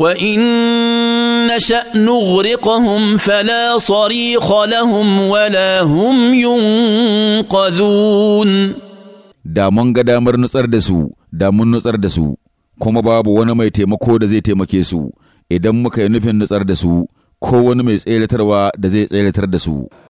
وان نشا نغرقهم فلا صريخ لهم ولا هم ينقذون da mun ga damar nutsar da su da mun nutsar da su kuma babu wani mai taimako da zai taimake su idan muka yi nufin nutsar da su ko wani mai tseratarwa da zai tseratar da su